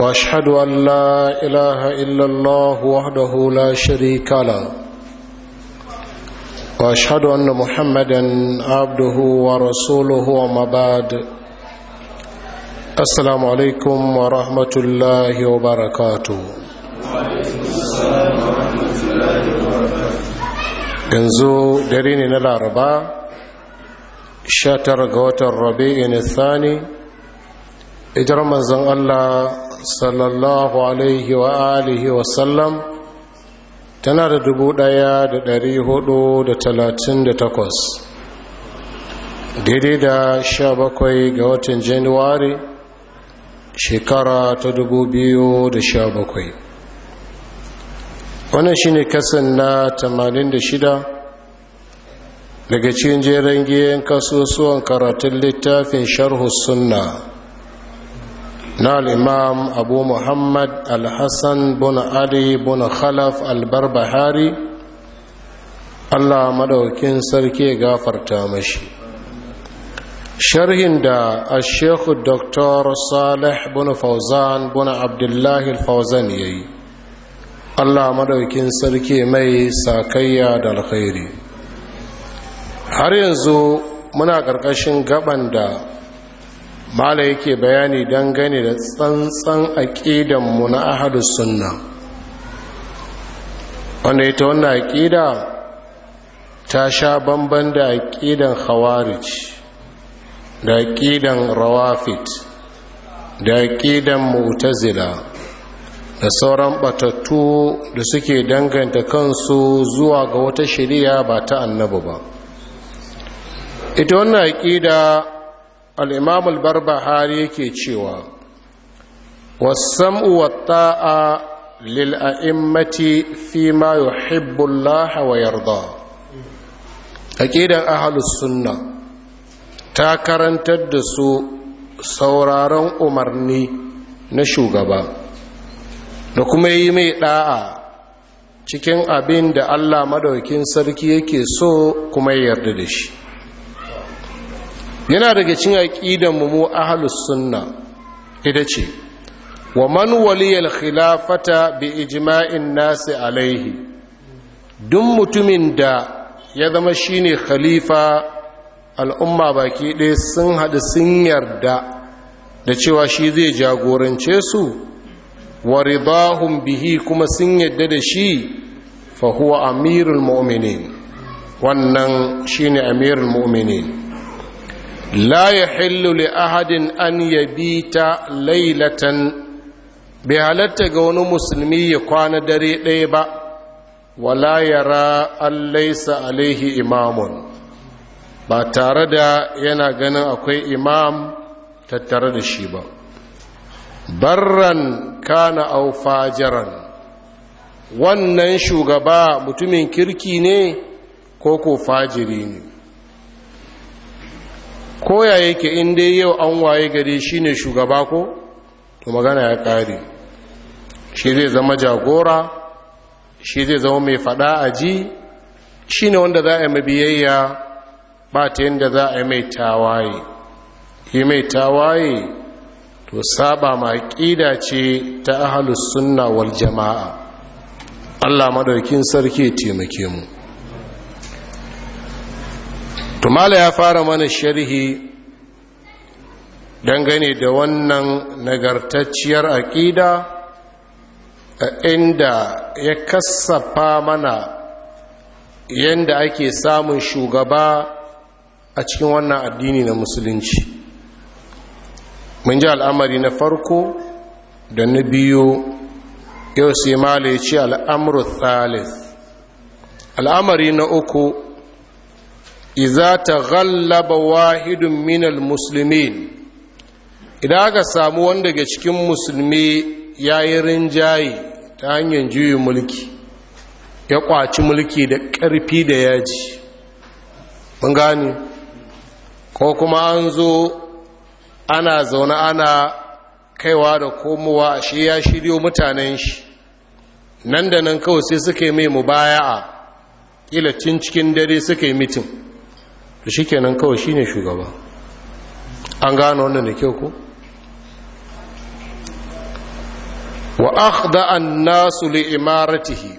واشهد ان لا اله الا الله وحده لا شريك له واشهد ان محمدا عبده ورسوله وما بعد السلام عليكم ورحمه الله وبركاته yanzu dare ne na laraba 19 ga watan rabi'in thani ijar manzon allah sallallahu alaihi wa alihi wa sallam tana da dubu ɗaya da ɗari huɗu da talatin da takwas daidai da sha bakwai ga watan januwari shekara ta dubu biyu da sha bakwai wannan shine kasan na tamanin da shida daga cikin jeren giyan kasusuwan karatun littafin sharhu sunna na al'imam abu muhammad al-hassan buna ali buna khalaf al-barbahari allah madaukin sarki gafarta mashi sharhin da ashekhu dr salih buna fauzan buna abdullahi fauzan ya yi allah madaukin sarki mai sakayya da alkhairi har yanzu muna ƙarƙashin gaban da bala yake bayani dangane da tsantsan aƙidanmu na ahadu sunna wanda ita wannan aƙida ta sha bamban da ƙidan khawarij da aƙidan rawafit da ƙidan mu'tazila da sauran batattu da suke danganta kansu zuwa ga wata shari'a ba ta annabi ba ita wannan aƙida al'imam al-barbahari yake cewa wasam'u wata'a lil'a'immati fi ma yuhibbullah wa yarda a ahalus sunna ta karantar da su sauraron umarni na shugaba da kuma yi mai ɗa'a cikin abin da allah madaukin sarki yake so kuma yarda da shi yana daga cin aƙidan mu mu ahlus sunna ita ce wa man waliyal khilafata bi ijma'in nasi alaihi duk mutumin da ya zama shine khalifa al'umma baki ɗaya sun haɗu sun yarda da cewa shi zai jagorance su wa ridahum bihi kuma sun yarda da shi fa huwa amirul mu'minin wannan shine amirul mu'minin la yahillu li ahadin an yabita laylatan bai halarta ga wani musulmi ya kwana dare ɗaya ba wala yara an laisa alaihi imamun ba tare da yana ganin akwai imam tattare da shi ba barran kana au fajiran wannan shugaba mutumin kirki ne ko ko fajiri ne koya yake inda yau an waye gari shi ne shugaba ko to magana ya ƙare shi zai zama jagora shi zai zama mai fada a ji shi ne wanda za a yi mabiyayya ba ta yadda za a yi mai tawaye yi mai tawaye to saba ma ƙida ce ta ahalus sunna wal jama'a allah maɗaukin sarki taimake mu tumala ya fara mana sharhi dangane da wannan nagartacciyar aƙida a inda ya kasafa mana yadda ake samun shugaba a cikin wannan addini na musulunci mun ji al'amari na farko da na biyu yau sai mala ya ce al'amuru thalith al'amari na uku iza ta ghallaba wahidun minal muslimin idan aka samu wanda daga cikin musulmi ya yi rinjaye ta hanyar juyin mulki ya kwaci mulki da ƙarfi da yaji mun gani ko kuma an zo ana zaune ana kaiwa da komowa a shi ya shirya mutanen shi nan da nan kawai sai suka yi mai mubaya'a ila cikin dare suka yi mitin Da shi kenan kawai shi ne shugaba an gano wannan da kyau ku? wa akhda an nasu li imaratihi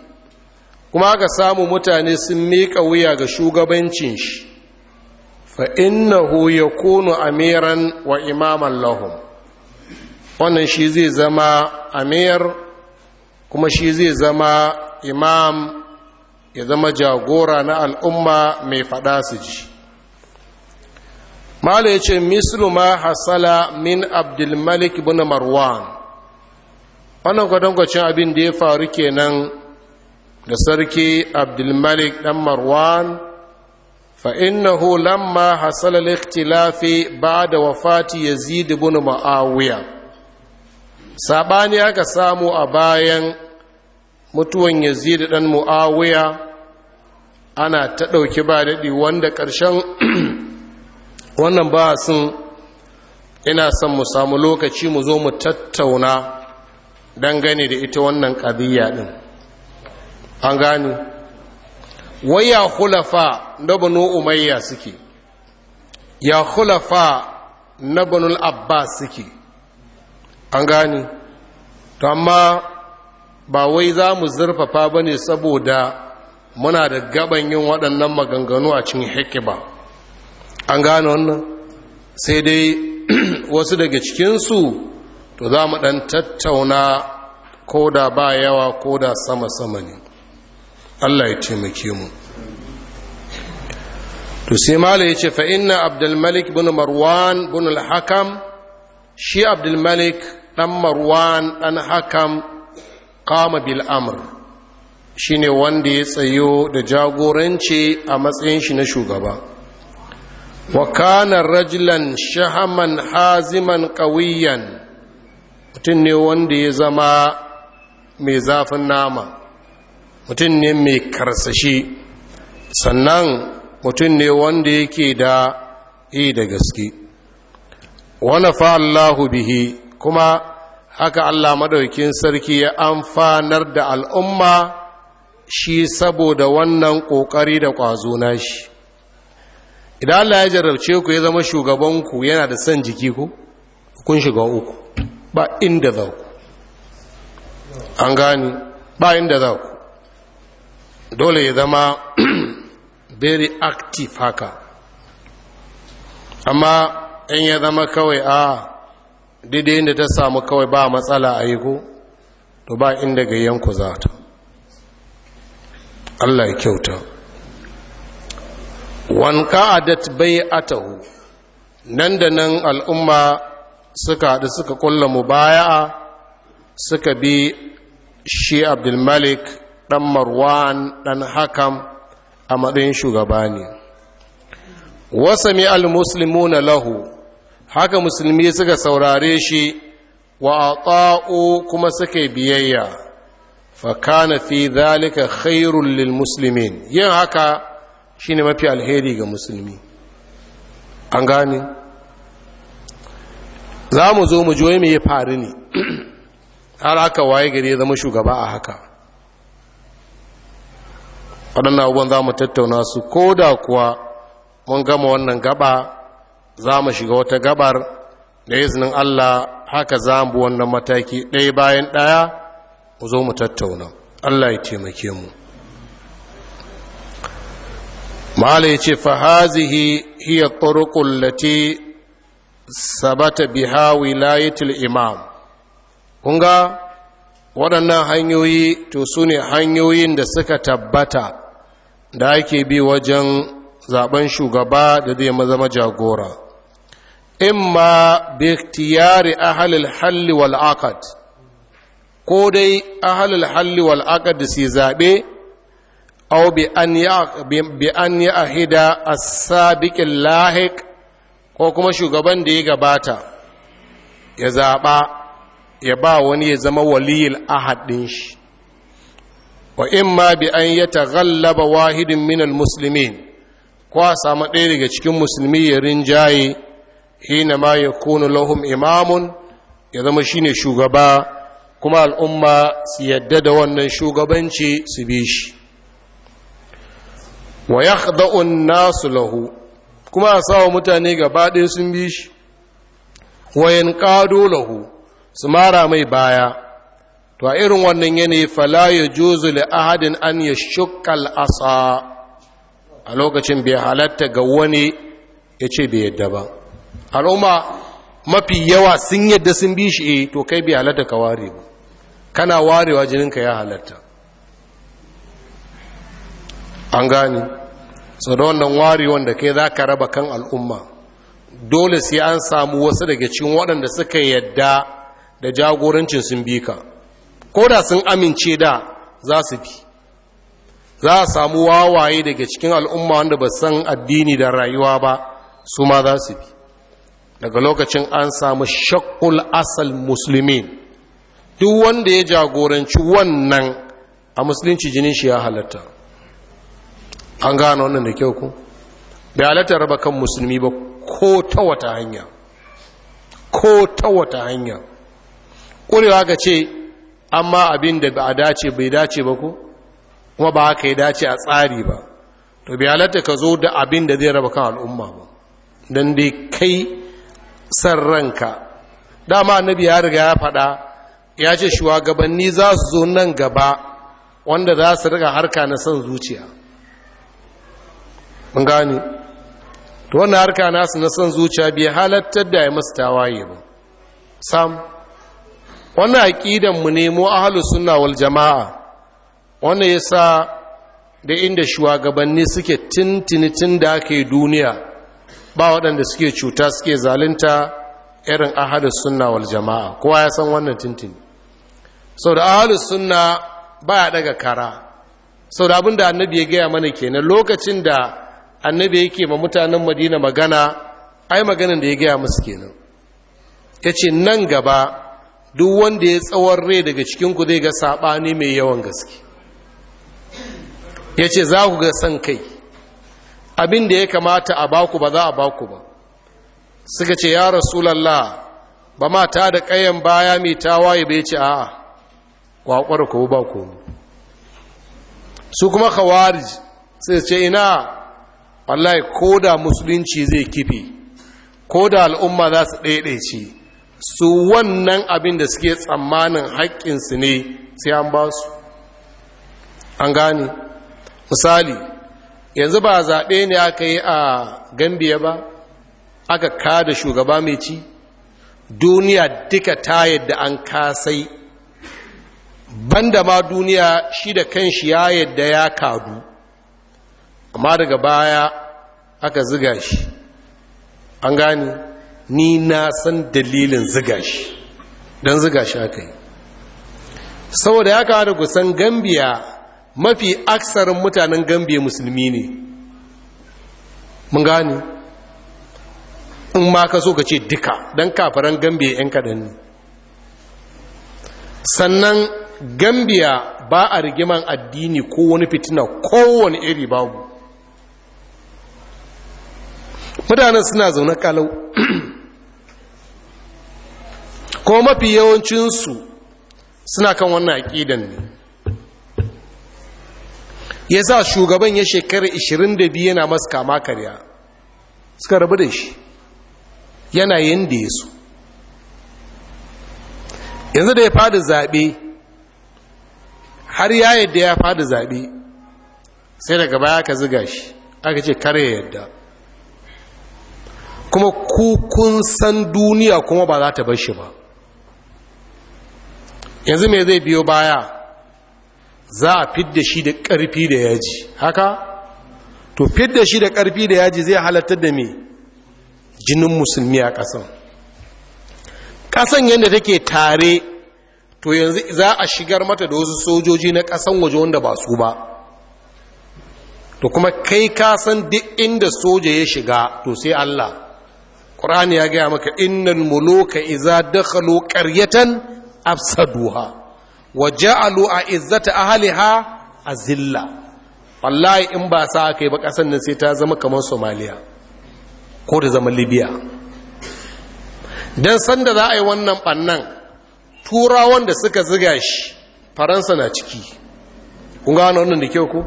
kuma aka samu mutane sun mika wuya ga shugabancin shi fa innahu yakunu amiran wa imaman lahum wannan shi zai zama amir kuma shi zai zama imam ya zama jagora na al'umma mai fada su ji mala ya ce mislu ma hasala min abdulmalik bin marwan wannan kwatankwacin abin da ya faru kenan da sarki abdulmalik dan marwan fa'innahu lamma hasala liktilafi ba da wafati yazidi bin ma'awiya saɓani aka samu a bayan mutuwan yazidi dan mu'awiya ana ta ɗauki ba daɗi wanda ƙarshen wannan ba sun ina son mu samu lokaci mu zo mu tattauna dangane da ita wannan ƙabiya ɗin an gani ya hulafa na banu umayya suke ya hulafa na banu abbas suke an gani to amma ba wai za mu zurfafa ba ne saboda muna da gaban yin waɗannan maganganu a cikin hikima an gane wannan sai dai wasu daga cikinsu to za mu ɗan tattauna ko da ba yawa ko da sama-sama ne allah ya taimake mu to sai mala ya ce fa'inna abdulmalik bin marwan bin alhakam shi abdulmalik ɗan marwan ɗan hakam kama bil'amur shi ne wanda ya tsayo da jagoranci a matsayin shi na shugaba wa kana rajulan shahaman haziman qawiyan mutum ne wanda ya zama mai zafin nama mutum ne mai karsashi sannan mutum ne wanda yake da yi da gaske wani fa'allahu bihi kuma haka Allah maɗaukin sarki ya amfanar da al'umma shi saboda wannan ƙoƙari da ƙwazo na shi idan Allah ya jarrabce ku ya zama shugabanku yana da son jiki ku kun shiga uku ba inda za ku an gani ba inda za ku dole ya zama very active haka amma in ya zama kawai a daidai inda ta samu kawai ba matsala a yi ku to ba inda gayyanku za ta Allah ya kyauta wanqa'adat bai'atahu nan da nan al'umma suka haɗu suka kulla mubaya'a suka bi shi abdulmalik ɗan marwan ɗan hakam a matsayin shugaba ne wasami al na lahu haka musulmi suka saurare shi wa ata'u kuma suka biyayya fakana fi dhalika khairul lil muslimin yin haka shine mafi alheri ga musulmi an gane za mu zo mu joye mai faru ne har aka waye gari ya zama shugaba a haka waɗannan abubuwan za mu tattauna su ko da kuwa mun gama wannan gaba za mu shiga wata gabar da izinin allah haka za mu wannan mataki ɗaya bayan ɗaya mu zo mu tattauna allah ya taimake mu mala ya ce fahazihi hiya turuqul lati sabata biha wilayatul imam kunga waɗannan hanyoyi to su ne hanyoyin da suka tabbata da ake bi wajen zaben shugaba da zai mazama jagora imma bi ikhtiyari ahlil halli wal'akad akad, ko dai ahalil halli wal'akad da su zabe أو bi an ya السابق اللاحق ko kuma shugaban da ya gabata ya zaba ya ba wani ya zama waliyil ahad din shi wa imma bi an yataghallaba wahidin min al-muslimin ko a samu ɗaya daga cikin musulmi ya rinjaye hina ma kunu lahum imamun ya zama shine shugaba kuma al'umma su yadda da wannan shugabanci su bi shi wa yakhda'un nasu lahu kuma a sawa mutane gaba ɗaya sun bi shi wa ƙado lahu su mara mai baya to a irin wannan yanayi fala juzu ahadin an asa a lokacin bai halatta ga wani ya ce bai yadda ba al'umma mafi yawa sun yadda sun bi shi eh, to kai bai halatta ka ware ba kana warewa jininka ya halatta an gane sau da wannan wari wanda kai za ka raba kan al'umma dole sai an samu wasu daga cikin waɗanda suka yadda da jagorancin sun bi ka ko da sun amince da za su bi za a samu wawaye daga cikin al'umma wanda ba san addini da rayuwa ba su ma za su bi daga lokacin an samu shakul asal musulmi duk wanda ya jagoranci wannan a musulunci jinin shi ya halatta an gano wannan da kyau ku bai halatta raba kan musulmi ba ko ta wata hanya ko ta wata hanya ƙurewa ga ce amma abin da ba a dace bai dace ba ku kuma ba haka ya dace a tsari ba to bai halatta ka zo da abin da zai raba kan al'umma ba don dai kai san ranka dama annabi ya riga ya faɗa ya ce shugabanni za su zo nan gaba wanda za su riga harka na son zuciya mun gani to wannan harka nasu na san zuciya biya halattar da ya masu tawaye ba sam wannan aƙidan mu nemo ahlus sunna wal jama'a wannan yasa da inda shugabanni suke tintini tun da aka yi duniya ba waɗanda suke cuta suke zalunta irin ahlus sunna wal jama'a kowa ya san wannan tintini sau da ahlus sunna ba ya daga kara sau da abin da annabi ya gaya mana kenan lokacin da annabi yake ma mutanen madina magana ai maganan da ya gaya musu kenan ya ce nan gaba duk wanda ya tsawon rai daga cikinku zai ga saɓani mai yawan gaske ya ce za ku ga san kai abin da ya kamata a baku ba za a baku ba suka ce ya rasulallah ba ma ta da ƙayan baya mai tawaye bai ce a'a kwakwar ko ba ku su kuma khawarij sai ce ina wallahi ko da musulunci zai kife ko da al'umma za su ce, su wannan abin da suke tsammanin haƙƙinsu ne sai an ba su an gane misali yanzu ba zaɓe ne aka yi a gambiya ba aka kada shugaba mai ci duniya duka ta yadda an kasai banda ma duniya shi da kanshi ya yadda ya kadu amma daga baya aka ziga shi an gani ni na san dalilin ziga shi don ziga shi aka yi saboda ya kawo da kusan gambiya mafi aksarin mutanen gambiya musulmi ne mun gani in ma ka so ka ce duka don kafaran gambiya 'yan kaɗan ne sannan gambiya ba a rigiman addini ko wani fitina kowane iri babu mutanen suna zaune kalau ko mafi yawancinsu suna kan wannan aƙidan ne ya sa shugaban ya shekara 22 yana masu kama karya suka rabu da shi yana yin da ya su yanzu da ya fada zaɓe har ya yadda ya fada zaɓe sai daga baya ka ziga shi aka ce kare yadda kuma ku san duniya kuma ba za ta bar shi ba yanzu mai zai biyo baya za a fidda shi da ƙarfi da yaji haka to fidda shi da ƙarfi da yaji zai halatta da mai jinin musulmi a ƙasan ƙasan yadda take tare to yanzu za a shigar mata da wasu sojoji na ƙasan waje wanda ba su ba to kuma kai ka san duk inda soja ya shiga to sai Allah ƙur'ani ya gaya maka innan muluka iza dakhalu qaryatan afsaduha wa ja'alu izzata ahliha azilla wallahi in ba sa yi ba kasan nan sai ta zama kamar Somaliya, ko da zama Libya dan sanda za a yi wannan bannan turawan da suka ziga shi Faransa na ciki kun ga wannan da kyau ko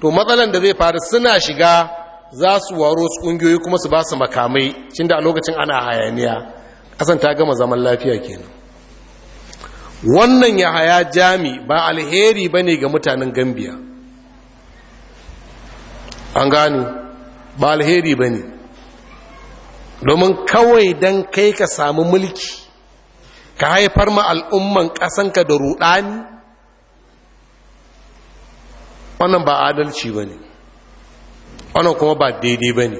to matsalan da zai faru suna shiga za su waro su ƙungiyoyi kuma su ba su makamai cin da a lokacin ana hayaniya ƙasan ta gama zaman lafiya kenan wannan ya haya jami ba alheri ba ne ga mutanen gambiya an gano ba alheri ba ne domin kawai don kai ka samu mulki ka haifar ma al'umman ƙasanka da ruɗani wannan ba adalci ba ne wani kuma ba daidai ba ne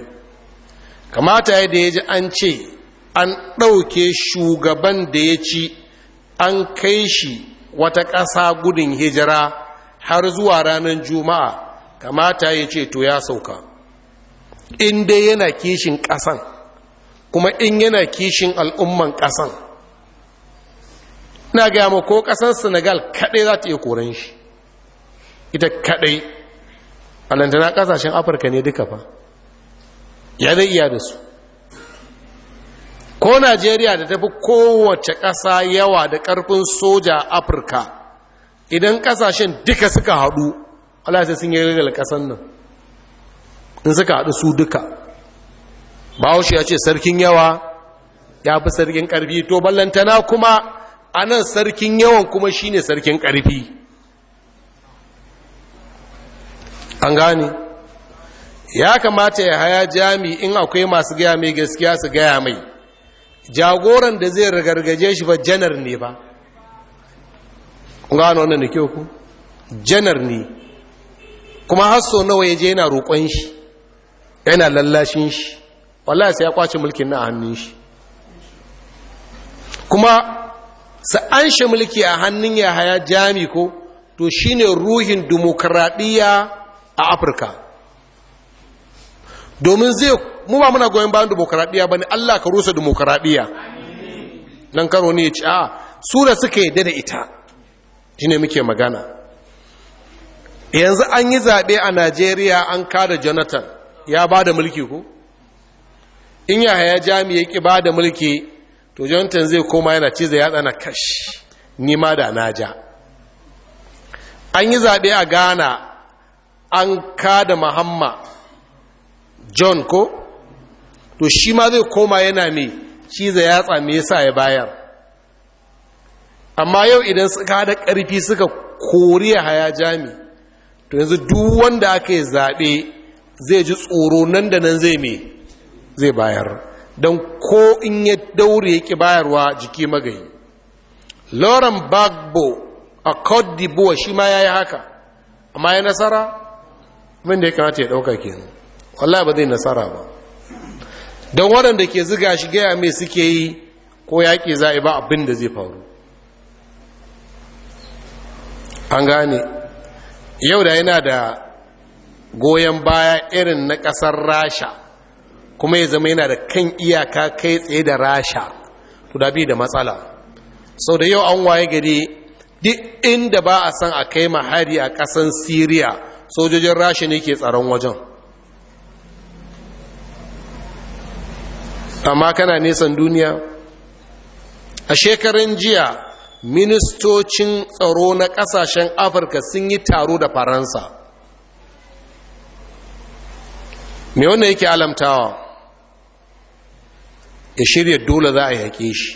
kamata ya da ya ji an ce an ɗauke shugaban da ya ci an kai shi wata ƙasa gudun hijira har zuwa ranar juma'a kamata ya ce to ya sauka in dai yana kishin ƙasan kuma in yana kishin al'umman ƙasan na gama ko ƙasan senegal kaɗai za ta iya koren shi ita kaɗai alantana kasashen afirka ne duka fa ya zai iya da su ko najeriya da tafi kowace ƙasa yawa da ƙarfin soja a afirka idan ƙasashen duka suka haɗu alasai sun yi rigar kasan nan in suka haɗu su duka bahaushe ya ce sarkin yawa ya fi sarkin ƙarfi to ballantana kuma a nan sarkin yawan kuma shine sarkin ƙarfi an gani ya kamata ya haya jami in akwai masu gaya mai gaskiya su gaya mai jagoran da zai ragargaje shi ba janar ne ba gano wannan da ku janar ne kuma hasso nawa ya je yana roƙon shi yana lallashin shi wallahi sai ya kwace mulkin na hannun shi kuma su shi mulki a hannun ya haya jami ko to shine ruhin dimokuraɗiyya a afirka domin zai mu ba muna goyon bayan demokaradiyya ba ne allah ka rusa demokaradiyya nan karo ne ya ci a su da suka yadda da ita shi ne muke magana yanzu an yi zaɓe a najeriya an kada jonathan ya ba da mulki ko in yaya jami ya ƙi ba da mulki to jonathan zai koma yana zai ya na kashi nima da naja an yi zaɓe a ghana an kada mahamma john ko to shi ma zai koma yana mai shi zai yatsa me yasa ya bayar amma yau idan suka haɗa ƙarfi suka koriya haya jami to yanzu duk wanda aka yi zaɓe zai ji tsoro nan da nan zai me zai bayar don ko in ya daure yake bayarwa jiki magayi lauren bagbo a cote d'ivoire shi ma ya yi haka amma ya nasara abin da ya kamata ya dauka kenan wallahi ba zai nasara ba don waɗanda ke ziga shi gaya mai suke yi ko yaƙi za a ba abin da zai faru an gane yau da yana da goyon baya irin na ƙasar rasha kuma ya zama yana da kan iyaka kai tsaye da rasha to da bi da matsala sau da yau an waye gari duk inda ba a san a kai mahari a ƙasan siriya sojojin rashi ne ke tsaron wajen amma kana nesan duniya a shekarun jiya ministocin tsaro na kasashen afirka sun yi taro da faransa me wanda yake alamtawa ya shirya dole za a yake shi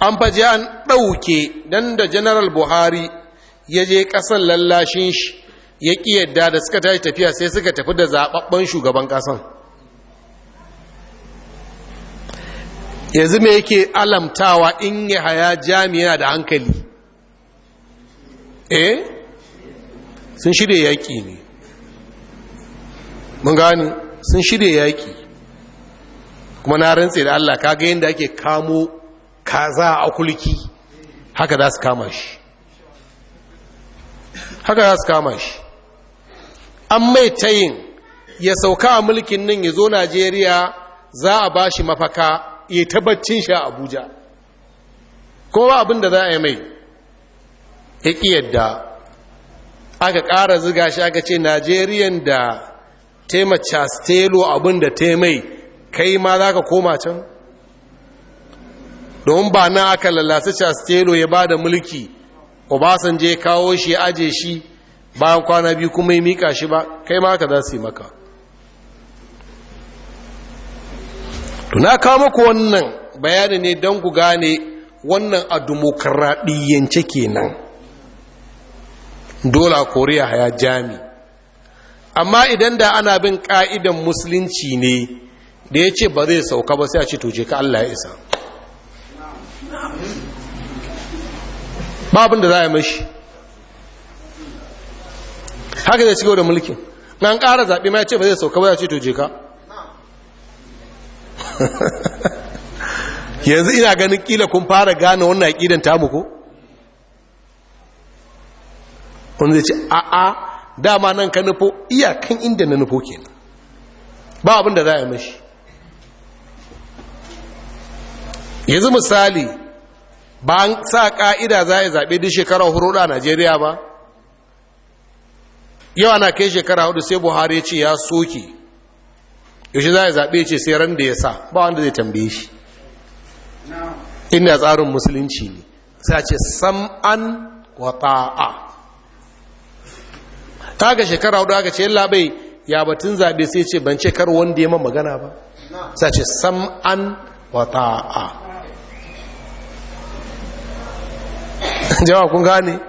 an faji an ɗauke don da Janaral buhari ya je ƙasan lallashin shi ya ƙi yadda da suka tashi tafiya sai suka tafi da zaɓaɓɓen shugaban ƙasan yanzu me yake alamtawa in ya haya jami'a da hankali eh sun shirya yaƙi ne mun gani sun shirya yaƙi kuma na rantse da Allah ka ga yadda ake kamo kaza a kulki haka za su kama shi haka za su kama shi an mai tayin ya sauka a mulkin nan ya zo najeriya za a ba shi mafaka ya tabbacin shi a abuja ko ba abin da za a yi mai ya ƙi yadda aka ƙara ziga shi aka ce najeriyan da tema castelo abin da ta mai kai ma za ka koma can domin ba na aka lalata castelo ya ba da mulki obasanjo je kawo shi ya aje shi bayan kwana biyu kuma yi mika shi ba kai ma ka za su yi maka na kawo muku wannan bayani ne don ku gane wannan a dimokuraɗiyyance kenan dole a koriya ya jami amma idan da ana bin ƙa'idan musulunci ne da ya ce ba zai sauka ba sai a ce tuje ka allah ya isa babin da za a yi mashi haka zai cigaba da mulkin an kara zaɓe ma ya ce ba zai sauka ba ya ce to jeka ka yanzu ina ganin kila kun fara gane wannan aƙidan tamu ko wanda zai ce a'a dama nan ka nufo iyakan inda na nufo kenan ba abin da za a mashi yanzu misali ba an sa ƙa'ida za a zaɓe duk shekarar huruɗa a najeriya ba yau ana kai shekara hudu sai buhari ce ya soke yaushe za a zaɓe ce sai ran da ya sa ba wanda zai tambaye shi inda tsarin musulunci ne sai ce sam'an wa ta'a ta ga shekara hudu aka ce bai ya batun zaɓe sai ce ban kar wanda ya ma magana ba sai ce sam'an wa ta'a jawa kun gane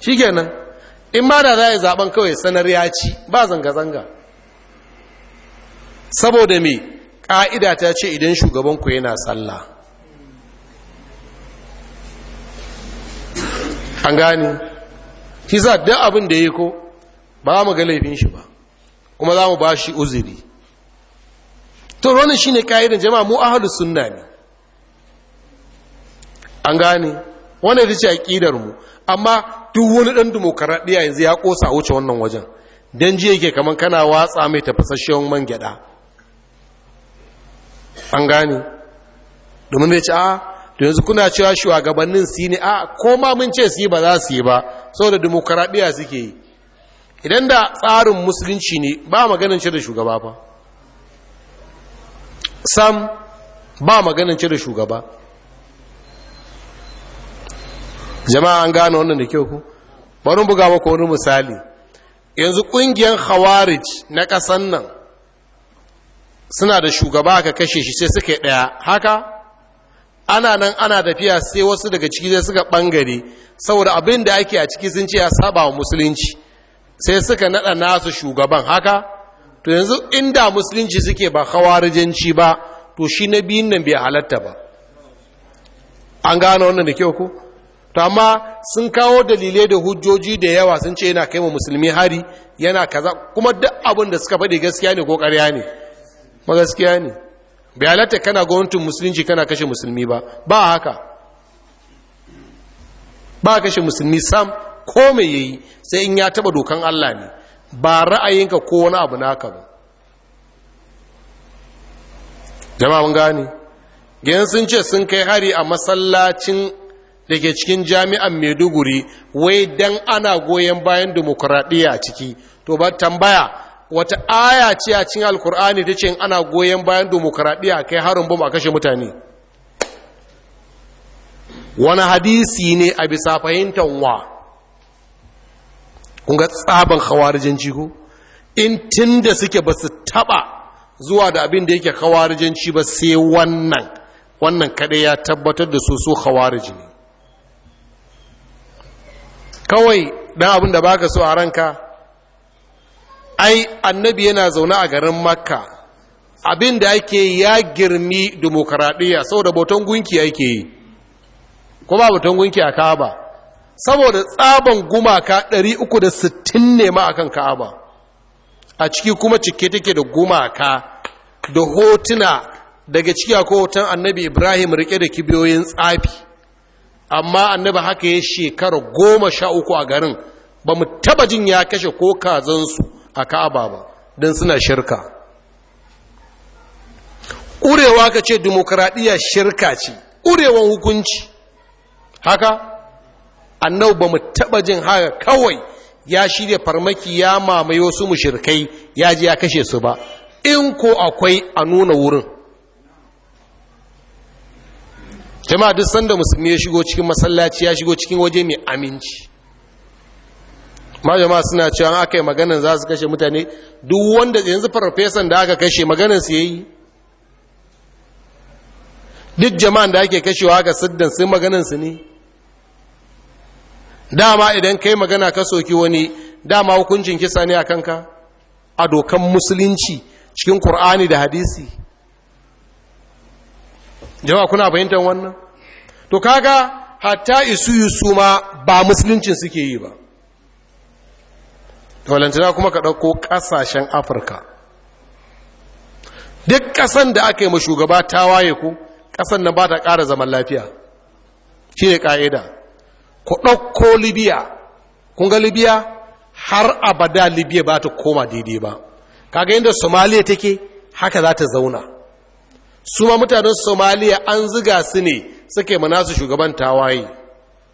shi kenan in ba da za a yi zaben kawai sanar ya ci ba zanga-zanga saboda me ƙa'ida ta ce idan shugabanku yana sallah an gani shi za duk abin da ya ko ba mu ga laifin shi ba kuma za mu ba shi uzuri to wani shi ne jama'a mu ahalus sunna ne an gane ya ta ce a mu amma duk wani ɗan dimokuraɗiyya yanzu ya ƙosa a wuce wannan wajen don ji yake kamar kana watsa mai tafasasshen man gyaɗa an gane domin ya ce a da yanzu kuna cewa shugabannin su yi ne a koma ma mun ce su ba za su yi ba saboda dimokuraɗiyya suke yi idan da tsarin musulunci ne ba maganin cire shugaba ba sam ba maganin da shugaba jama'a an gano wannan da kyau ku bari buga muku wani misali yanzu ƙungiyar khawarij na kasan nan suna da shugaba aka kashe shi sai suka ɗaya haka ana nan ana tafiya sai wasu daga ciki sai suka bangare saboda abin da ake a ciki sun ce ya saba wa musulunci sai suka naɗa nasu shugaban haka to yanzu inda musulunci suke ba khawarijanci ba to shi na biyun nan bai halatta ba an gano wannan da kyau ku. to amma sun kawo dalilai da hujjoji da yawa sun ce yana kai wa musulmi hari yana kaza kuma duk abin da suka faɗi gaskiya ne ko ƙarya ne ma gaskiya ne bai halatta kana gwamnatin musulunci kana kashe musulmi ba ba haka ba kashe musulmi sam ko mai yayi sai in ya taba dokan Allah ne ba ra'ayinka ko wani abu naka ba jama'a mun gane gidan sun ce sun kai hari a masallacin da ke cikin jami'an maiduguri wai dan ana goyon bayan demokuraɗiyya a ciki to ba tambaya wata aya ce a cikin alkur'ani ta ce ana goyon bayan demokuraɗiyya kai harin bom a kashe mutane wani hadisi ne a bisa fahimtar wa kun ga tsaban hawarijanci ko in tun da suke ba su taɓa zuwa da abin da yake hawarijanci ba sai wannan wannan kaɗai ya tabbatar da su su hawariji ne kawai dan abin da baka so a ranka ai annabi yana zaune a garin makka abin da ake ya girmi demokaradiyya saboda boton gunki ake yi ko ba boton gunki a ka'aba saboda tsaban gumaka 360 ne ma akan ka'aba a ciki kuma cike take da gumaka da hotuna daga ciki akwai hoton annabi ibrahim rike da kibiyoyin tsafi amma annabi haka ya shekara goma sha uku a garin ba mu taba jin ya kashe ko kazansu a ka'aba ba don suna shirka ƙurewa ka ce dimokuraɗiyya shirka ce ƙurewan hukunci haka annau ba mu taba jin haka kawai ya shirya farmaki ya mamaye wasu mushirkai ya ji ya kashe su ba in ko akwai a nuna wurin jama'a duk sanda musulmi ya shigo cikin masallaci ya shigo cikin waje mai aminci ma jama'a suna cewa aka yi maganin za su kashe mutane duk wanda yanzu farfesan da aka kashe maganin su yayi duk jama'an da ake kashewa haka siddan sai maganin su ne dama idan kai magana ka soki wani dama hukuncin kisa ne a kanka a dokan musulunci cikin Kur'ani da hadisi jama'a kuna bayyantar wannan to kaga hatta isu yusu ma ba musuluncin suke yi ba walantana kuma ka ɗauko ƙasashen afirka duk ƙasan da aka yi ma shugaba ta waye ku ƙasan na ba ta ƙara zaman lafiya shi ne ƙa'ida ku ɗauko libya kunga ga libya har abada libya ba ta koma daidai ba kaga yadda somaliya take haka za ta zauna su ma mutanen somaliya an ziga su ne suke ma nasu shugaban tawaye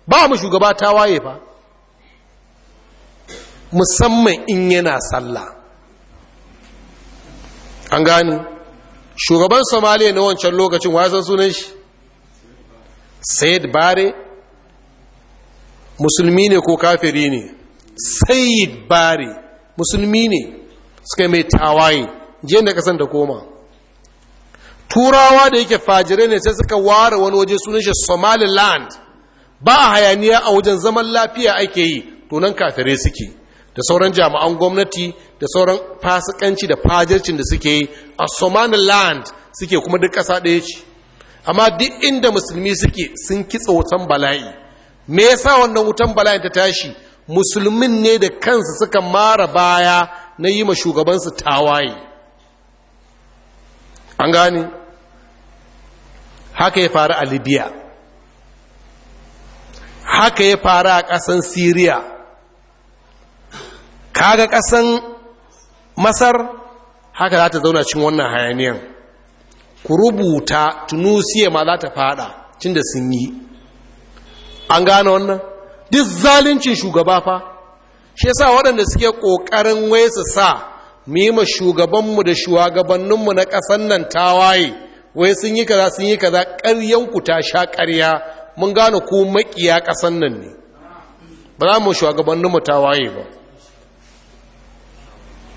ba mu shugaba tawaye ba musamman in yana sallah an gani shugaban somaliya na wancan lokacin wasan sunan shi sayid bare musulmi ne ko kafiri ne sayid bare musulmi ne suka mai tawaye jiyan da kasan da koma turawa da yake fajirai ne sai suka ware wani waje sunan shi somaliland ba a hayaniya a wajen zaman lafiya ake yi tunan kafirai suke da sauran jami'an gwamnati da sauran fasikanci da fajircin da suke yi a somaliland suke kuma duk ƙasa ɗaya ce amma duk inda musulmi suke sun kitsa wutan bala'i me yasa wannan wutan bala'i ta tashi musulmin ne da kansu suka mara baya na yi ma shugabansu tawaye an gane haka ya faru a libya haka ya faru a ƙasan syria kaga ƙasan masar haka za ta zauna cin wannan hayaniyan ku rubuta tunusiya ma za ta fada cin da sun yi an gane wannan duk zalincin shugaba fa shi yasa waɗanda suke ƙoƙarin wai su sa mima shugabanmu da shugabanninmu na ƙasan nan tawaye wai sun yi kaza sun yi kaza ƙaryanku ta sha ƙarya mun gane ko maƙiya ƙasan nan ne ba za mu shugabanninmu tawaye ba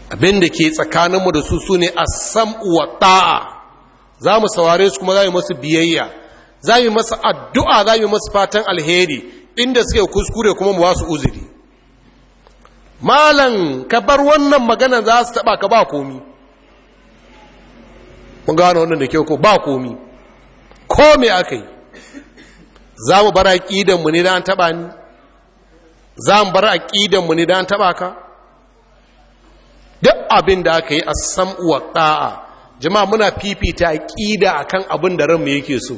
abin da ke tsakaninmu da su su ne a sam'uwa ta'a za mu saware su kuma za mu masu biyayya za mu masu addu'a za mu masu fatan alheri inda suke kuskure kuma mu wasu uzuri malan ka bar wannan magana za su taba ka ba komi mun gano wannan da kyau ko ba komi ko me aka yi za mu bar aƙidanmu ne da an taba ni za mu bar aƙidanmu ne da an taba ka duk abin da aka yi a sam'uwa ɗa'a jama'a muna fifita aƙida akan abin da ranmu yake so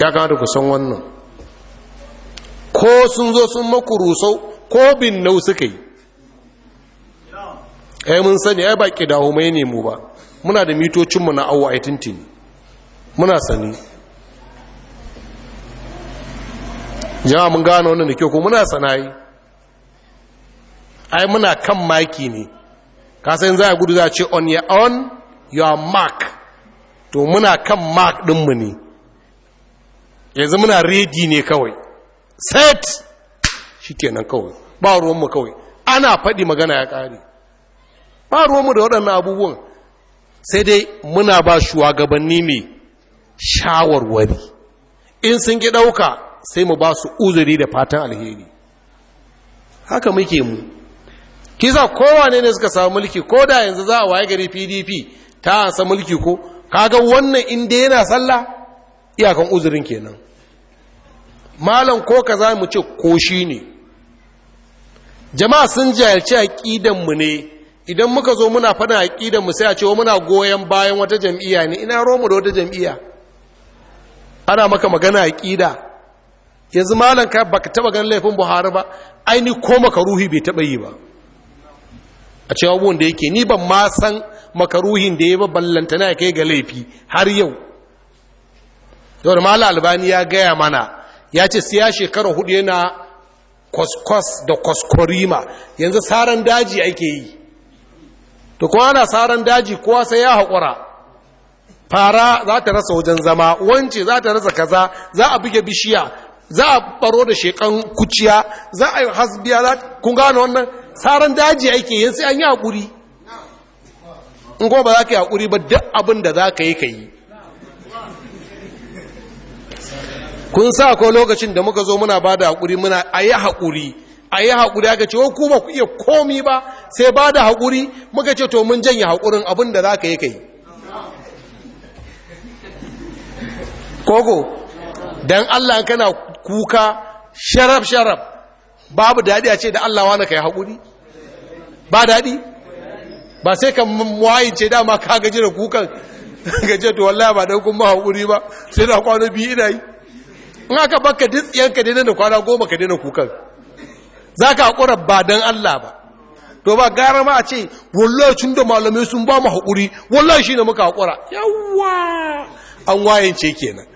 ya kamata ku san wannan ko sun zo sun maku rusau ko bin nau suka yi ai eh, mun sani ai baki da hume ne mu ba muna da mitocinmu na awa aitintin muna sani jama mun gano wannan da kyau ko muna sanayi ai muna kan maki ne kasayin za a gudu za a ce on your own your mark to muna kan mark dinmu ne yanzu muna redi ne kawai set shi kenan kawai ba ruwanmu kawai ana faɗi magana ya ƙari ba ruwanmu da waɗannan abubuwan sai dai muna ba shugabanni mai shawarwari in sun ƙi ɗauka sai mu ba su uzuri da fatan alheri haka muke mu kisa kowa ne suka samu mulki ko da yanzu za a waye gari pdp ta ansa mulki ko kaga wannan inda yana sallah iyakan uzurin kenan malam ko kaza mu ce ko shi ne jama'a sun jayarci aƙidanmu ne idan muka zo muna faɗin aƙidanmu sai a ce muna goyon bayan wata jam'iyya ne ina romu da wata jam'iyya ana maka magana aƙida yanzu malam ka ka taɓa gan laifin buhari ba aini ko makaruhi bai taɓa yi ba a cewa abubuwan da yake ni ban ma san makaruhin da ya ba ballantana ya kai ga laifi har yau yau da malam albani ya gaya mana ya ce siya shekara hudu yana kwaskwas da kwaskwarima yanzu tsaron daji ake yi to kuma ana tsaron daji kowa sai ya haƙura fara za ta rasa wajen zama wance za ta rasa kaza za a buge bishiya za a baro da shekan kuciya za a yi hasbiya za kun gano wannan saran daji ake yin sai an yi haƙuri in kuma ba za ka yi haƙuri ba duk abin da za ka yi ka yi kun sa ko lokacin da muka zo muna ba da haƙuri muna a yi haƙuri a yi haƙuri aka ce oh, ko ba ku iya komi ba sai ba da haƙuri muka ce to mun janye haƙurin abin da za ka yi kai koko don allah kana kuka sharaf-sharaf babu daɗi a ce da allah wani ka yi haƙuri ba daɗi ba sai ka wayin ce dama ka gaji da kukan gaji to wallahi ba ɗaukun ma haƙuri ba sai da kwano biyu ina yi in aka baka ditsiyan ka daina kwana goma ka daina kukan za ka haƙura ba don Allah ba to ba gara ma a ce wallacin da malamai sun ba mu haƙuri wallahi shi ne muka haƙura yawwa an wayance kenan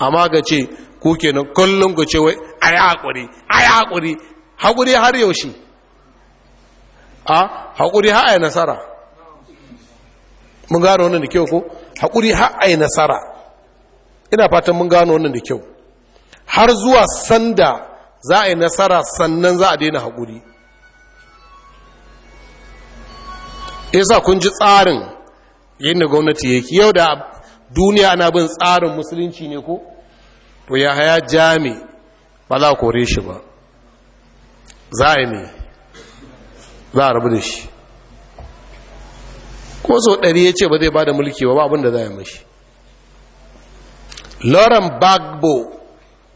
amma ga ce ko kenan kullum ku ce wai a yi haƙuri a yi haƙuri haƙuri har yaushe a haƙuri har a yi nasara mun gano wannan da kyau ko haƙuri har a yi nasara ina fatan mun gano wannan da kyau har zuwa sanda za a yi nasara sannan za a daina haƙuri sa kun ji tsarin yadda gwamnati yake yau da duniya ana bin tsarin musulunci ne ko to ya haya jami ba za a kore shi ba za a yi ne za a rabu da shi ko sau ɗari ya ce ba zai ba da mulki ba ba abinda za a yi mashi lauren bagbo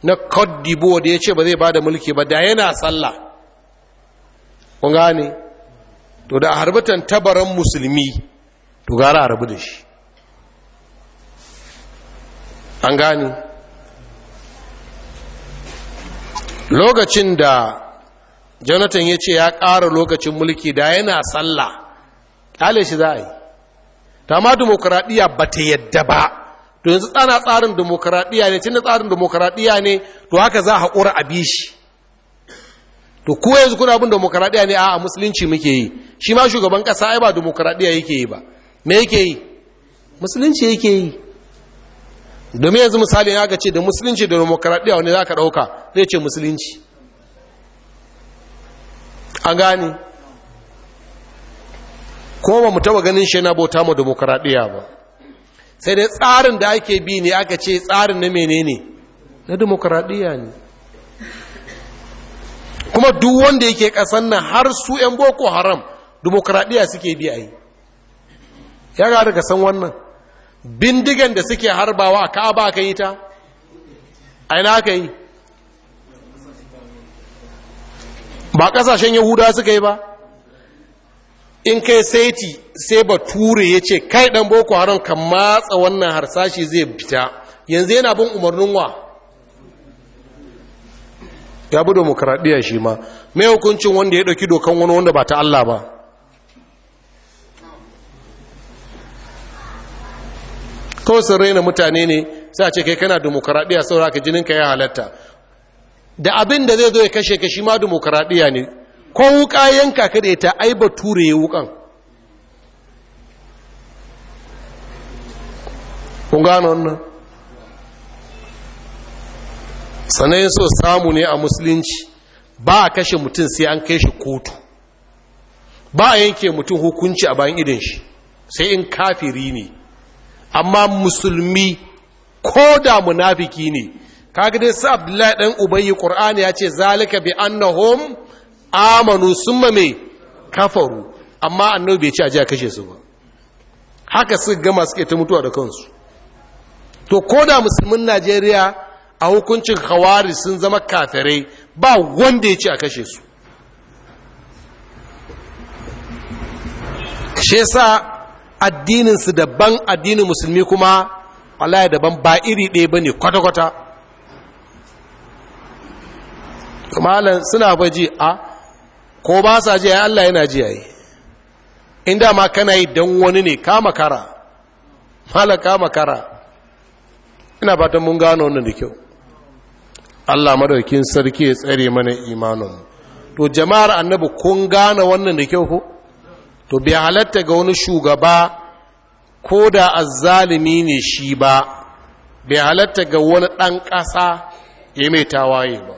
na Kodibo da ya ce ba zai ba da mulki ba da yana sallah kun gane to da harbatan tabaran musulmi to gara harbi da shi an gane lokacin da jonathan ya ce ya ƙara lokacin mulki da yana sallah ƙale shi za a yi ta ma dimokuraɗiyya ba ta yadda ba to yanzu tsana tsarin demokaradiyya ne cinna tsarin demokaradiyya ne to haka za a haƙura a bi shi to ko yanzu kuna bin demokaradiyya ne a musulunci muke yi shi ma shugaban ƙasa ai ba demokaradiyya yake yi ba me yake yi musulunci yake yi domin yanzu misali ya ga ce da musulunci da demokaradiyya wani za ka ɗauka zai ce musulunci an gane ko ba mu taɓa ganin shi na bauta ma demokaradiyya ba sai dai tsarin da ake bi ne aka ce tsarin na menene na demokradiyya ne kuma duk wanda yake kasan nan har su 'yan boko haram demokradiyya suke bi a yi ya ga daga san wannan bindigan da suke harbawa ka ba ka yi ta aina aka yi ba kasashen yahuda suka yi ba in kai saiti sai bature ya ce kai dan boko haram kan matsa wannan harsashi zai fita yanzu yana bin umarnin wa ya bi demokradiyya shi ma mai hukuncin wanda ya ɗauki dokan wani wanda ba ta Allah ba kawai sun raina mutane ne sai a ce kai kana demokradiyya saura ka jininka ya halatta da abin da zai zo ya kashe ka shi ma demokradiyya ne ko wuka yanka ka da ita ai ba ture wukan kun gano wannan sanayin so samu ne a musulunci ba a kashe mutum sai an kai shi kotu ba a yanke mutum hukunci a bayan idin shi sai in kafiri ne amma musulmi ko da munafiki ne kaga dai sa abdullahi dan ubayi qur'ani ya ce zalika bi annahum amanu sun mame kafaru amma annabi bai ci a ji a kashe su ba haka suka gama suke ta mutuwa da kansu to ko da musulmin najeriya a hukuncin hawari sun zama kafirai ba wanda ya ci a kashe su shi sa addininsu daban addinin musulmi kuma walaya daban ba iri ɗaya ba ne kwata-kwata malam suna baji a ah, ko ba sa ji ya Allah yana ji yayi inda ma kana yi dan wani ne kama kara mala kama kara ina fatan mun gano wannan da kyau Allah madaukin sarki ya tsare mana imanin to jama'ar annabi kun gano wannan da kyau ko to bai halatta ga wani shugaba ko da azzalimi ne shi ba bai halatta ga wani ɗan ƙasa ya mai tawaye ba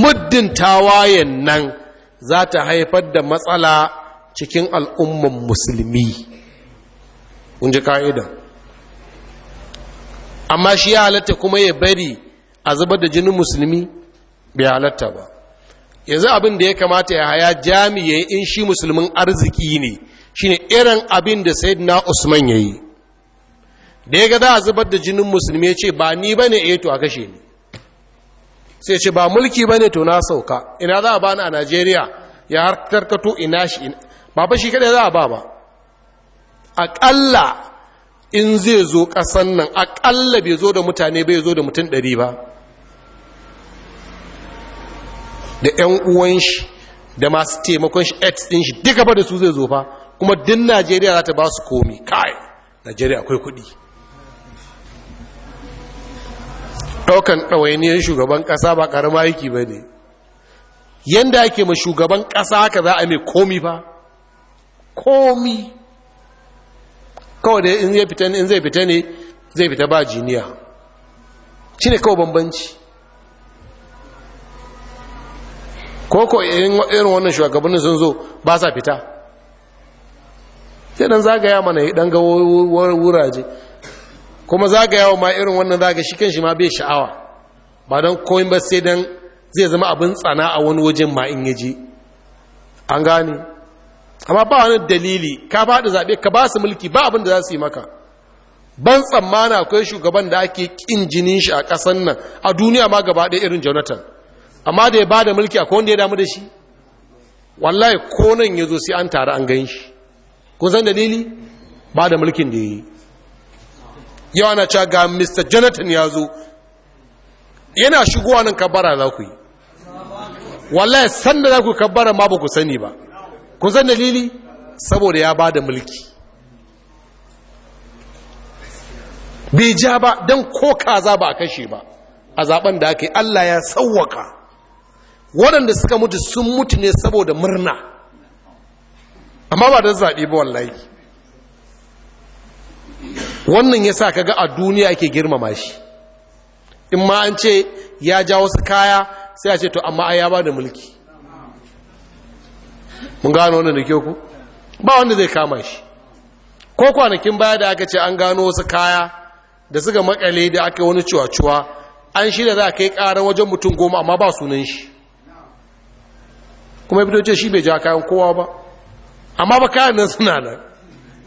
muddin tawayen nan za ta haifar da matsala cikin al'umman musulmi kun ji ka'ida amma shi ya halatta kuma ya bari a zubar da jinin musulmi bai halatta ba yanzu abin da ya kamata ya haya jami'ai in shi musulmin arziki ne shine irin abin da na usman ya yi da ya ga za a zubar da jinin musulmi ya ce ba ni ba ne eh, to a kashe ni sai ce ba mulki ba ne to na sauka ina za a bani a najeriya ya har tarkato ina shi ba ba shi kada za a ba ba aƙalla in zai zo ƙasan nan aƙalla bai zo da mutane bai zo da mutum ɗari ba da 'yan uwan shi da masu taimakon shi x ɗin shi duka ba da su zai zo fa kuma din najeriya za ta ba su komi kai najeriya akwai kuɗi ɗaukan ɗawainiyar shugaban ƙasa ba ƙarama yake ba ne yadda ake ma shugaban ƙasa haka za a mai komi ba komi kawai da in zai fita ne zai fita ne zai fita ba jiniya shi ne kawai bambanci koko irin wannan shugabannin sun zo ba sa fita sai ɗan zagaya mana ɗan dan ga wuraje kuma za ga yawo ma irin wannan za ga shi kanshi ma bai sha'awa ba don koyin ba sai don zai zama abin tsana a wani wajen ma in yaji an gane amma ba wani dalili ka faɗi zaɓe ka ba su mulki ba abin da za su yi maka ban tsammana akwai shugaban da ake ƙin jinin shi a ƙasan nan a duniya ma gaba ɗaya irin jonathan amma da ya ba da mulki akwai wanda ya damu da shi wallahi ko nan ya zo sai an tare an gan shi kun san dalili ba da mulkin da ya yi yau ana cewa ga mr jonathan ya zo yana shigowa nan kabbara za ku yi wallahi san da za ku kabbara ma ba ku sani ba ku san dalili saboda ya ba da mulki bai ja ba don ko kaza ba a kashe ba a zaben da aka yi allah ya sauwaka waɗanda suka mutu sun mutu ne saboda murna amma ba don zaɓi ba wallahi wannan ya sa kaga a duniya ke girmama shi in ma an ce ya ja wasu kaya sai a ce to amma ya ba da mulki mun gano wannan da ke ku ba wanda zai kama shi ko kwanakin baya da aka ce an gano wasu kaya da suka makale da aka wani cuwa-cuwa an shirya za a kai karan wajen mutum goma amma ba sunan shi kuma ya fito ce shi bai ja kayan kowa ba amma ba kayan nan suna nan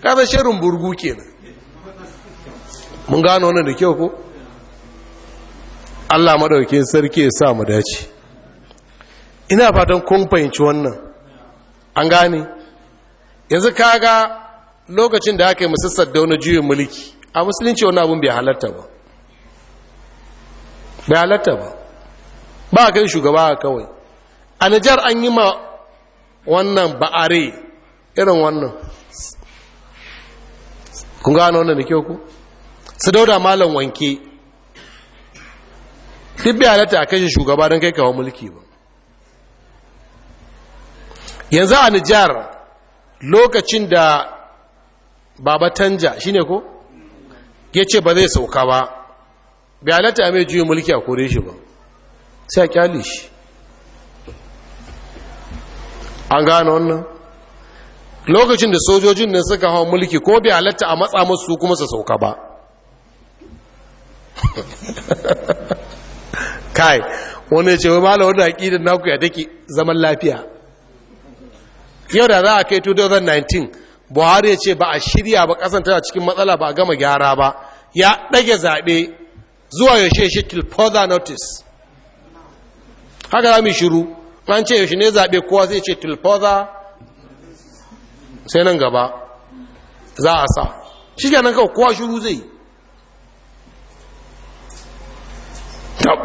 kasar shirin burgu kenan mun gano wannan da kyau ko Allah madaukin sarki ya sa mu dace ina fatan kun fahimci wannan an gane yanzu kaga lokacin da aka yi musassar da wani juyin mulki a musulunci wani abun bai halatta ba bai halatta ba ba kai shugaba kawai a nijar an yi ma wannan ba'are irin wannan kun gano wannan da kyau ku su dauda malam wanke duk biya halatta a kashe shugaba don kai kawo mulki ba yanzu a nijar lokacin da baba tanja shine ko ya ce ba zai sauka ba biya halatta a mai juyin mulki a kore shi ba sai a kyale shi an gano wannan lokacin da sojojin nan suka hawa mulki ko biya halatta a matsa masu kuma su sauka ba kai wani ce wai malam wannan da naku ya take zaman lafiya yau da za a kai 2019 buhari ya ce ba a shirya ba kasanta a cikin matsala ba a gama gyara ba ya ɗage zaɓe zuwa yaushe shi till further notice haka za mu shiru an ce yaushe ne zaɓe kowa zai ce till further sai nan gaba za a sa shi kenan kawai kowa shiru zai yi tab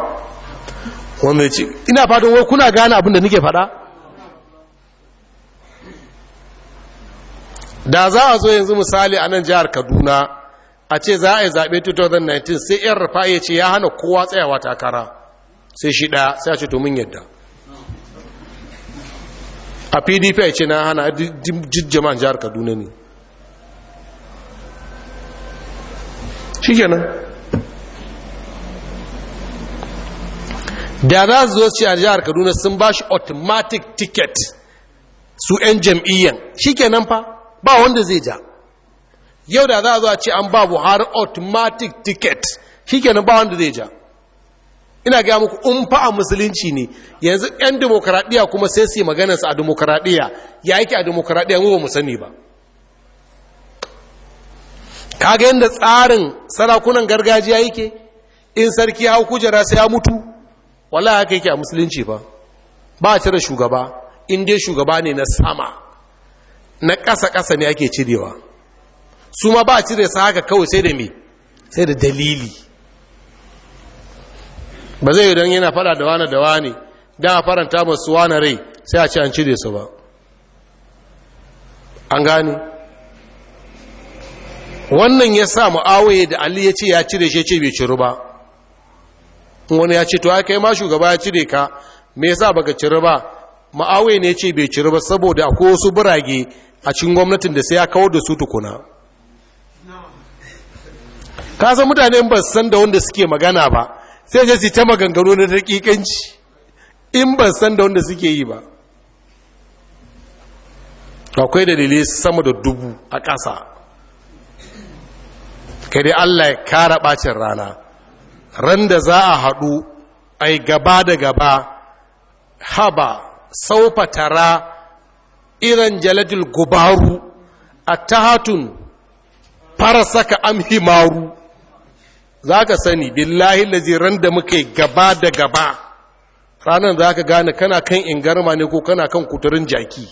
wanda ya ce ina fatan wai kuna gane abin da nake faɗa da za a zo yanzu misali a nan jihar kaduna a ce za a yi zaɓe 2019 sai yan rufa ya ce ya hana kowa tsayawa takara sai shi ɗaya sai a ce to mun yadda a pdp ya ce na hana jijjaman jihar kaduna ne shi kenan da za su zo a jihar kaduna sun ba shi automatic ticket su 'yan jam'iyyan shi kenan fa ba wanda zai ja yau da za a zo a ce an ba buhari automatic ticket shi kenan ba wanda zai ja ina gaya muku in fa a musulunci ne yanzu 'yan demokaradiyya kuma sai su yi maganarsa a demokaradiyya ya yake a demokaradiyya mu ba mu sani ba kaga yadda tsarin sarakunan gargajiya yake in sarki hau kujera sai ya mutu wala haka yake a musulunci ba? ba a cire shugaba in shugaba ne na sama na kasa-kasa ne ake cirewa su ma ba a cire su haka kawai sai da mai sai da dalili ba zai don yana fara da wane da wane da a faranta masu wane rai sai a ce an cire su ba an gani? wannan ya sa mu'awaye da ali ya ce ya cire shi ce bai ciru ba wani ya ce to ya kai ma shugaba ya cire ka me yasa baka cire ba ma'awe ne ce bai cire ba saboda akwai wasu burage a cikin gwamnatin da sai ya kawo da su tukuna ka san mutane ba san da wanda suke magana ba sai sai su ta maganganu na dakikanci in ba san da wanda suke yi ba akwai dalilai sama da dubu a ƙasa kai Allah ya kara bacin rana ran da za a haɗu a gaba da gaba haba saufa tara irin jaladil gubaru a tahatun farasaka amhimaru za ka sani billahi laziran da muka gaba da gaba ranar za ka gane kana kan ingarma ne ko kana kan kuturin jaki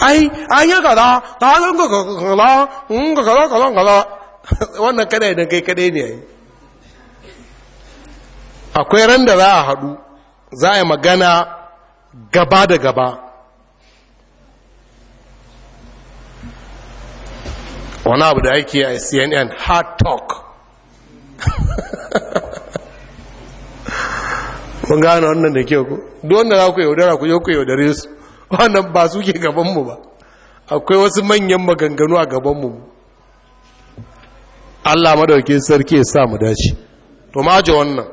ai ai ya gada ta zanga gagagagala wannan kada idan kai kadai ne yayi akwai ran da za a haɗu za a yi magana gaba da gaba wani abu da ake a cnn hard talk mun gane wannan da ke ku wanda za ku yaudara ku yi ku yaudare su wannan ba su ke gabanmu ba akwai wasu manyan maganganu a gabanmu Allah madaukin sarki ya sa mu dace to ji wannan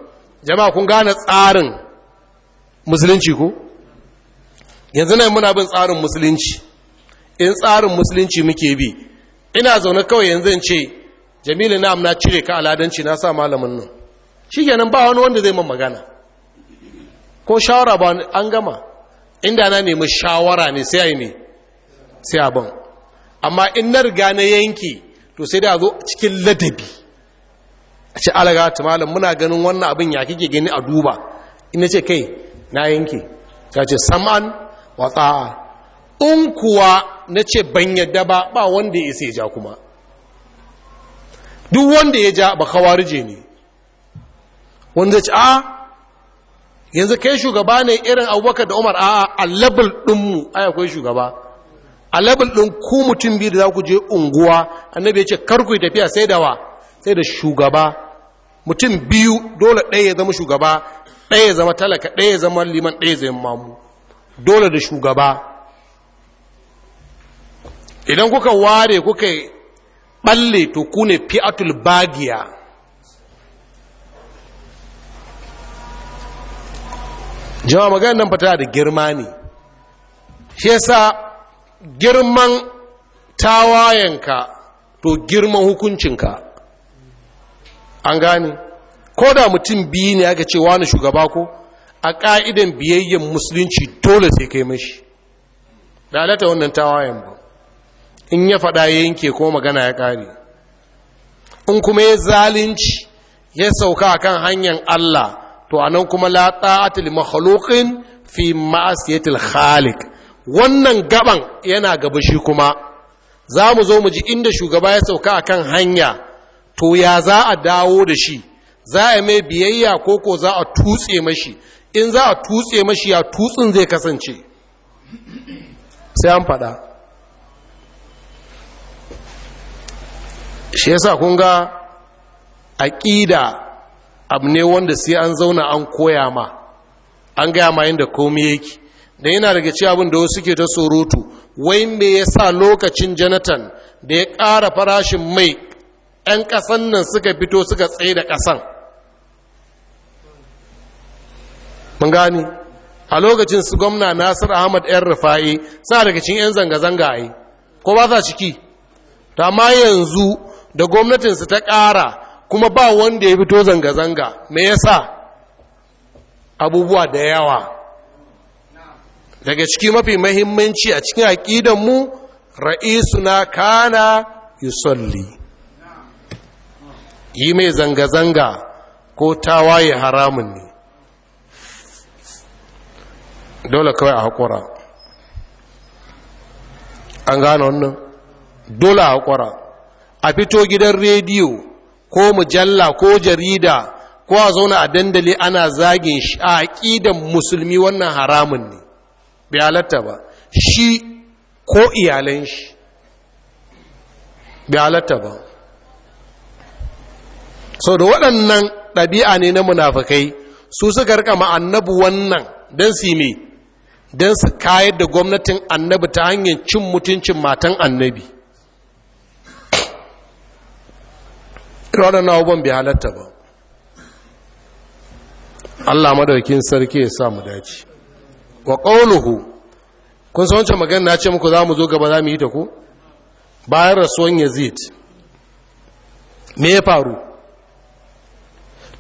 jama'a kun gane tsarin musulunci ko yanzu ne muna bin tsarin musulunci in tsarin musulunci muke bi ina zaune kawai yanzu ce jamilu na cire ka aladanci na sa malamin nan shi kenan ba wani wanda zai man magana ko shawara ba an gama inda na nemi shawara ne sai a yi ne sai abin amma in na riga na yanki to sai da zo cikin ladabi a ce alaga ta malam muna ganin wannan abin ya kike gani a duba ina ce kai na yanke ta ce sam'an wa in kuwa na ce ban yadda ba ba wanda ya ja kuma duk wanda ya ja ba je ne wanda ce a yanzu kai shugaba ne irin abubakar da umar a a level ɗinmu akwai shugaba a labin ɗin ku mutum biyu da za ku je unguwa annabi ya ce karku yi tafiya sai da wa sai da shugaba mutum biyu dole ɗaya ya zama shugaba ɗaya ya zama talaka ɗaya ya zama liman ɗaya ya mamu dole da shugaba idan kuka ware kuka ɓalle to ku ne fi'atul bagiya jama maganin nan fata da girma ne shi yasa girman tawayenka to girman hukuncinka an gane ko da mutum biyu ne aka ce wani shugaba ko a ƙa'idan biyayyen musulunci dole sai kai mashi da wannan tawayen ba in ya faɗa yanke ko magana ya ƙare in kuma ya zalunci ya sauka kan hanyar Allah to anan kuma la ta'atul makhluqin fi ma'asiyatil khaliq wannan gaban yana gaba shi kuma za mu zo mu ji inda shugaba ya sauka a kan hanya to ya za a dawo da shi za a mai biyayya ko ko za a tutse mashi in za a tutse mashi ya tutsin zai kasance sai an faɗa shi yasa kun ga aƙida abu ne wanda sai an zauna an koya ma an gaya ma yadda komai yake da yana daga ci abin da wasu suke ta surutu wai me ya sa lokacin janatan da ya ƙara farashin mai 'yan ƙasan nan suka fito suka tsaye da ƙasan mun gani a lokacin su gwamna nasir ahmad 'yan rufa'i sa daga cikin 'yan zanga-zanga a yi ko ba sa ciki ta ma yanzu da gwamnatinsu ta ƙara kuma ba wanda ya fito zanga-zanga me ya sa abubuwa da yawa daga ciki mafi mahimmanci a cikin aƙidanmu ra'isuna kana salli. yi mai zanga-zanga ko tawaye haramun ne dole kawai a haƙura an gano wannan dole a haƙura a fito gidan rediyo ko mujalla ko jarida ko a zauna a dandali ana zagin shi a aƙidan musulmi wannan haramun ne bai halatta ba shi ko iyalan shi bai halatta ba so da waɗannan ɗabi'a ne na munafakai su suka rika ma'annabu wannan don su me don su kayar da gwamnatin annabi ta hanyar cin mutuncin matan annabi waɗannan abubuwan bai halatta ba Allah madaukin sarki ya sa mu dace wa qawluhu kun san wancan magana na ce muku za mu zo gaba za mu yi ta ku bayan rasuwan yazid me ya faru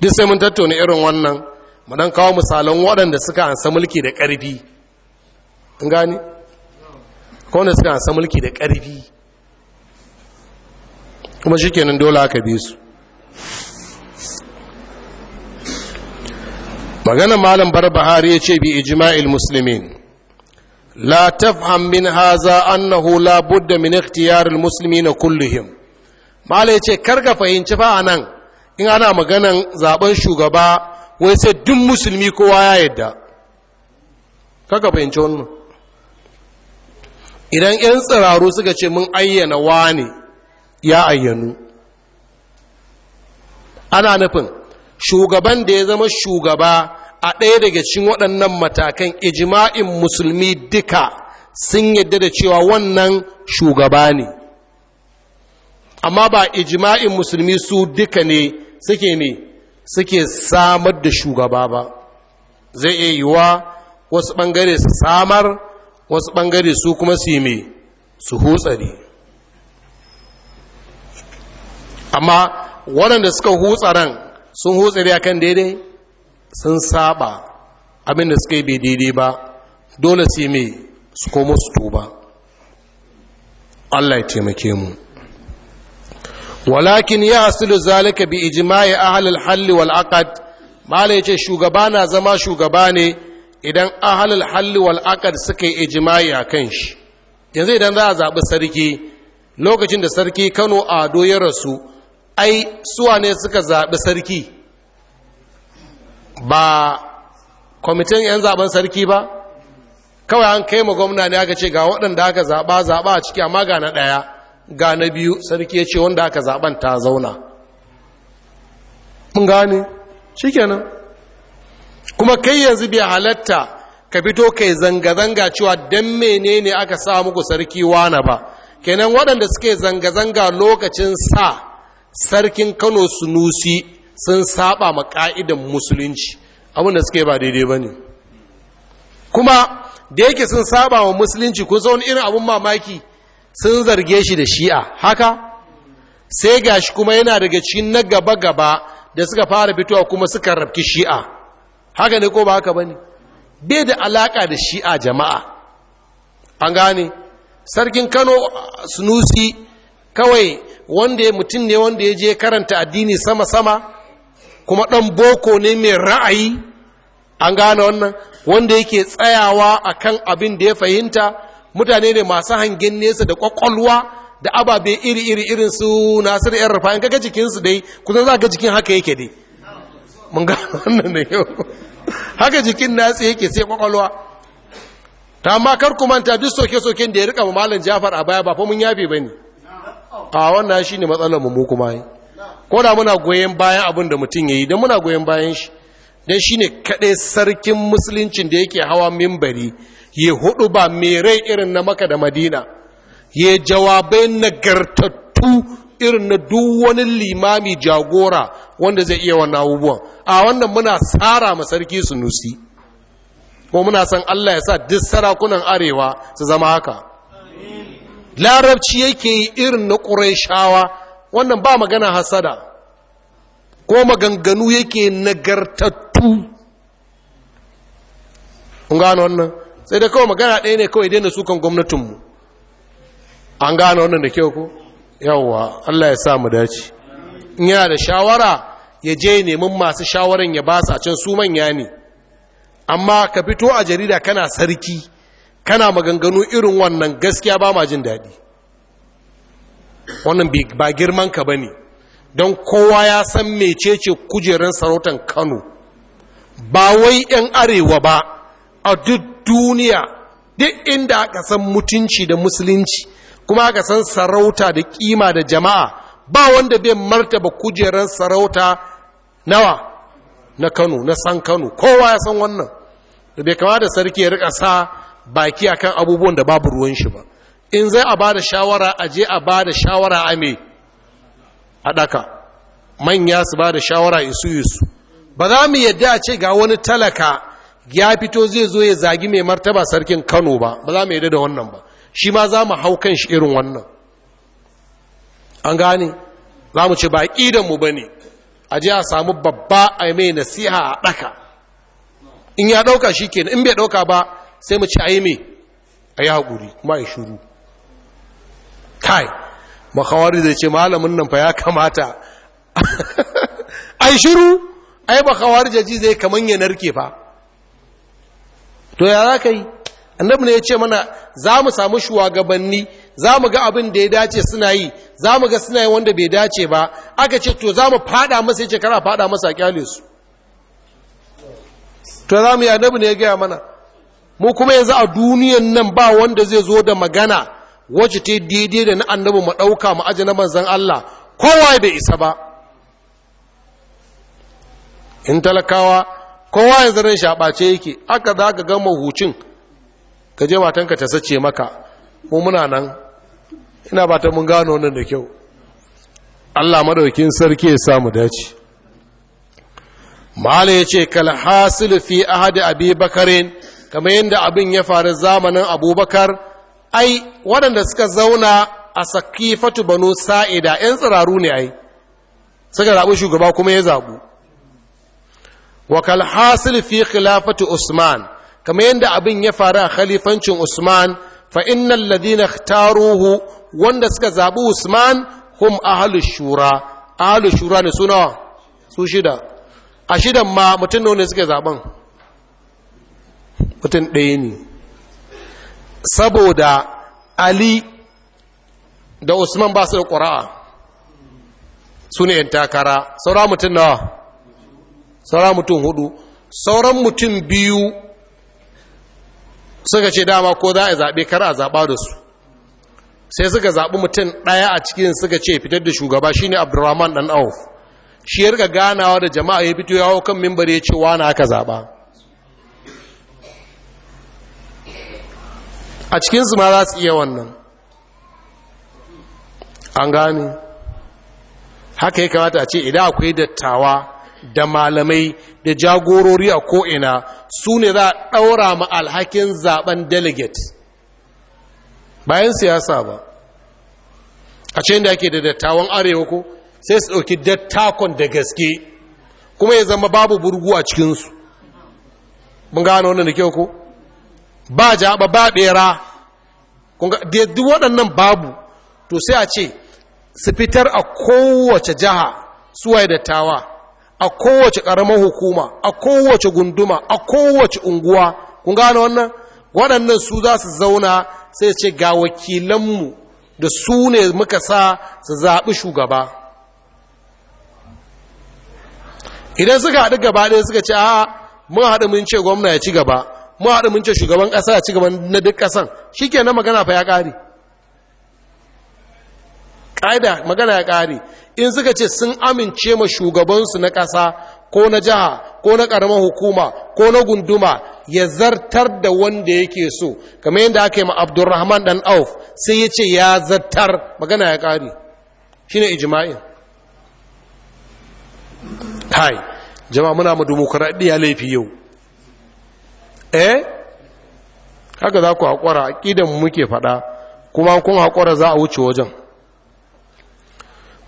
duk sai mun tattauna irin wannan mu dan kawo misalan waɗanda suka ansa mulki da ƙarfi kun gane ko wanda suka ansa mulki da ƙarfi kuma shikenan dole aka bi su magana malam barbahari ya ce bi ijma'il muslimin la tafham min haza annahu la budda min ikhtiyaril muslimin kulluhum malam ya ce karka fahimci fa anan in ana maganan zaben shugaba wai sai duk musulmi kowa ya yadda kaka fahimci wannan idan 'yan tsiraru suka ce mun ayyana wani ya ayyanu ana nufin shugaban da ya zama shugaba a ɗaya daga cikin waɗannan matakan ijima'in musulmi duka sun yadda da cewa wannan shugaba ne amma ba ijima'in musulmi su duka ne suke ne suke samar da shugaba ba zai iya yiwa wasu ɓangare su samar wasu ɓangare su kuma su yi su hutsari amma waɗanda suka hutsaran sun hutsari akan daidai sun saba abinda suka yi bai daidai ba dole yi mai su komo su tuba Allah ya taimake mu walakin ya hasilu zalika bi ijma'i ahlul halli wal aqd mala yace shugaba na zama shugaba ne idan ahlul halli wal aqd suka yi ijma'i akan shi yanzu idan za a zaɓi sarki lokacin da sarki Kano Ado ya rasu ai suwa ne suka zaɓi sarki ba kwamitin 'yan zaɓen sarki ba kawai an kai ma gwamna ne aka ce ga waɗanda aka zaɓa zaɓa a ciki amma ga na ɗaya ga na biyu sarki ya ce wanda aka zaɓen ta zauna mun gane shi kenan kuma kai yanzu bai halatta ka fito kai zanga-zanga cewa don menene aka sa muku sarki wana ba kenan waɗanda suke zanga-zanga lokacin sa sarkin kano sunusi sun saba ma ka'idan musulunci abin da suka yi ba daidai ba ne kuma da yake sun saba wa musulunci kun wani irin abin mamaki sun zarge shi da shi'a haka sai gashi kuma yana daga cikin na gaba-gaba da suka fara fitowa kuma suka rafki shi'a haka ne ko ba haka ba ne bai da alaka da shi'a jama'a an gane sarkin kano sunusi kawai wanda ya mutum ne wanda ya je karanta addini sama-sama kuma ɗan boko ne mai ra'ayi an gane wannan wanda yake tsayawa a kan abin da ya fahimta mutane ne masu hangen nesa da ƙwaƙwalwa da ababe iri-iri irin su nasiru yan rufa in kaga jikinsu dai kusan za ga jikin haka yake dai mun gane wannan ne yau haka jikin nasu yake sai ƙwaƙwalwa ta amma kar ku manta duk soke-soken da ya rika malam jafar a baya ba fa mun yafe ba ne a wannan shi ne matsalar mu kuma yi ko da muna goyon bayan abin da mutum ya yi don muna goyon bayan shi don shi ne kaɗai sarkin musuluncin da yake hawa mimbari ya hudu ba mere irin na maka da madina ya jawabai nagartattu irin na duk wani limami jagora wanda zai iya wannan abubuwan a wannan muna tsara ma sarki su nusi ko muna san allah ya sa duk sarakunan arewa su zama haka larabci yake yi irin na shawa, wannan ba magana hasada ko maganganu yake nagartattu an gano wannan sai da kawai magana ɗaya ne kawai daina sukan gwamnatinmu an gano wannan da kyau ko yawwa allah ya sa mu dace in yana da shawara ya je neman masu shawaran ya basa, can su manya ne amma ka fito a jarida kana sarki kana maganganu irin wannan gaskiya ba ma jin daɗi wannan ba girman ka ba ne don kowa ya san mecece kujerar sarautar kano ba wai 'yan arewa ba a duk duniya duk inda aka san mutunci da musulunci kuma aka san sarauta da kima da jama'a ba wanda bai martaba kujerar sarauta nawa na kano na san kano kowa ya san wannan da bai kama da sarki ya rika sa baki akan abubuwan da babu ruwan shi ba in zai a bada shawara a je a bada shawara a me a daka manya su bada shawara isu isu ba za mu yadda a ce ga wani talaka ya fito zai zo ya zagi mai martaba sarkin Kano ba ba za mu yadda da wannan ba shi ma za mu hau kan shi irin wannan an gane za mu ce ba mu ba ne a je a samu babba a mai nasiha a ɗaka in ya ɗauka shi kenan in bai ɗauka ba sai mu ci aimi a yi haƙuri kuma a yi shuru kai makawari zai ce malamin nan fa ya kamata a yi shuru a yi makawari jaji zai kaman ya narke fa to ya za ka yi annabu ne ya ce mana za mu samu shugabanni za mu ga abin da ya dace suna yi za mu ga suna yi wanda bai dace ba aka ce to za mu fada masa ya ce kara fada masa a kyale su to za mu yi annabu ne ya gaya mana mu kuma yanzu a duniyan nan ba wanda zai zo da magana wacce ta daidai da na annabi mu ɗauka mu aji na manzan Allah kowa bai isa ba in talakawa kowa yanzu ran shaɓace yake aka za ka gama hucin ka je matanka ta sace maka mu muna nan ina ba ta mun gano nan da kyau Allah madaukin sarki ya samu dace mala ya ce kalhasil fi ahadi abi bakarin kamar yadda abin ya faru zamanin abubakar ai waɗanda suka zauna a sakifatu banu sa'ida 'yan tsiraru ne ai suka zaɓi shugaba kuma ya zaɓu wakal hasil fi khilafatu usman kamar yadda abin ya faru a khalifancin usman fa innal ladina ikhtaruhu wanda suka zaɓi usman hum ahlus shura ahlus shura ne suna su shida a shidan ma mutum ne suka zaɓen mutum ɗaya ne saboda ali da usman ba su da ƙura'a su ne 'yan takara saura mutum nawa saura mutum hudu sauran mutum biyu suka ce dama ko za a zaɓe kar a zaɓa da su sai suka zaɓi mutum ɗaya a cikin suka ce fitar da shugaba shine abdurrahman Dan auf shi ya rika ganawa da jama'a ya fito ya yawo kan mimbar ya ce 'wa na aka zaɓa a cikinsu ma za su iya wannan an gane haka ya kamata a ce idan akwai dattawa da malamai da jagorori a ko'ina su ne za a ɗaura ma alhakin zaben delegate bayan siyasa ba a ce da ake da dattawan arewa ko sai su ɗauki dattakon da gaske kuma ya zama babu burgu a cikinsu mun gano wannan da kyau ko ba jaba ba bera duk waɗannan babu to sai a ce su fitar a kowace jiha suwai da tawa a kowace ƙaramar hukuma a kowace gunduma a kowace unguwa kun gane wannan waɗannan su za su zauna sai ce ga wakilanmu da su ne muka sa su zaɓi shugaba idan suka haɗu gaba ɗaya suka ce a mun haɗu mun ce gwamna ya ci gaba mu haɗu mun ce shugaban ƙasa ya ci gaban na duk ƙasan shi ke na magana fa ya ƙare ƙa'ida magana ya ƙare in suka ce sun amince ma shugabansu na ƙasa ko na jiha ko na ƙaramin hukuma ko na gunduma ya zartar da wanda yake so kamar yadda aka yi ma abdurrahman dan auf sai ya ce ya zartar magana ya ƙare shine ijma'in kai jama'a muna mu dimokuraɗiyya laifi yau eh haka za ku haƙura aƙidan muke faɗa kuma kun haƙura za a wuce wajen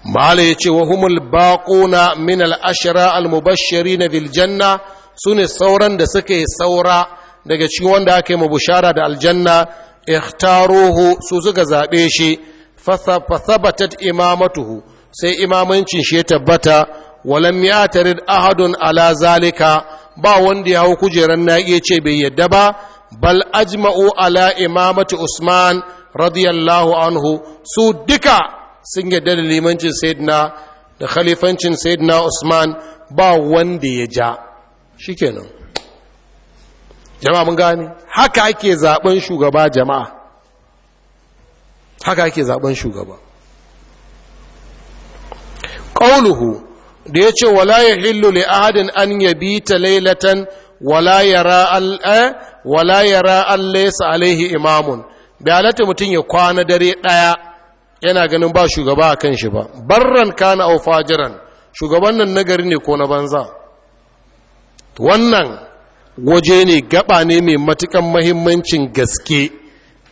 mahala ya ce wa humul baƙuna min al'ashira al-mubashiri na biljanna su ne sauran da suka yi saura daga cikin wanda aka yi mabushara da aljanna ikhtaruhu su suka zaɓe shi fasabatat imamatuhu sai imamancin shi ya tabbata walam ya tarid ahadun ala zalika ba wanda ya hau kujeran na iya ce bai yadda ba bal ajma'u ala imamati usman radiyallahu anhu su duka sun yadda da limancin saidina da khalifancin saidina usman ba wanda ya ja shikenan jama'a mun gane haka ake zaben shugaba jama'a haka ake zaben shugaba qauluhu da ya ce wala ya hillu li ahadin an ta lailatan wala ya eh, wala ya laysa alaihi imamun bi alata mutun ya kwana dare ɗaya. yana ganin ba shugaba a kan shi ba barran kana au fajiran shugaban nan nagari ne ko na banza wannan waje ne gaba ne mai matukan mahimmancin gaske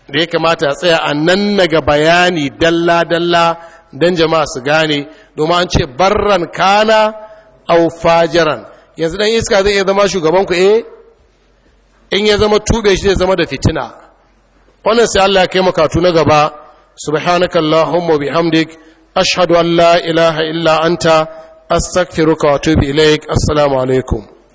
da ya kamata a tsaya a nan naga bayani dalla-dalla don jama'a su gane domin an ce barran kana au fajiran yanzu dan iska zai iya zama shugaban ku eh in ya zama tube shi zai zama da fitina wannan sai Allah ya kai makatu na gaba subhanakallahumma bihamdik ashhadu an la ilaha illa anta astaghfiruka wa atubu ilaik assalamu alaikum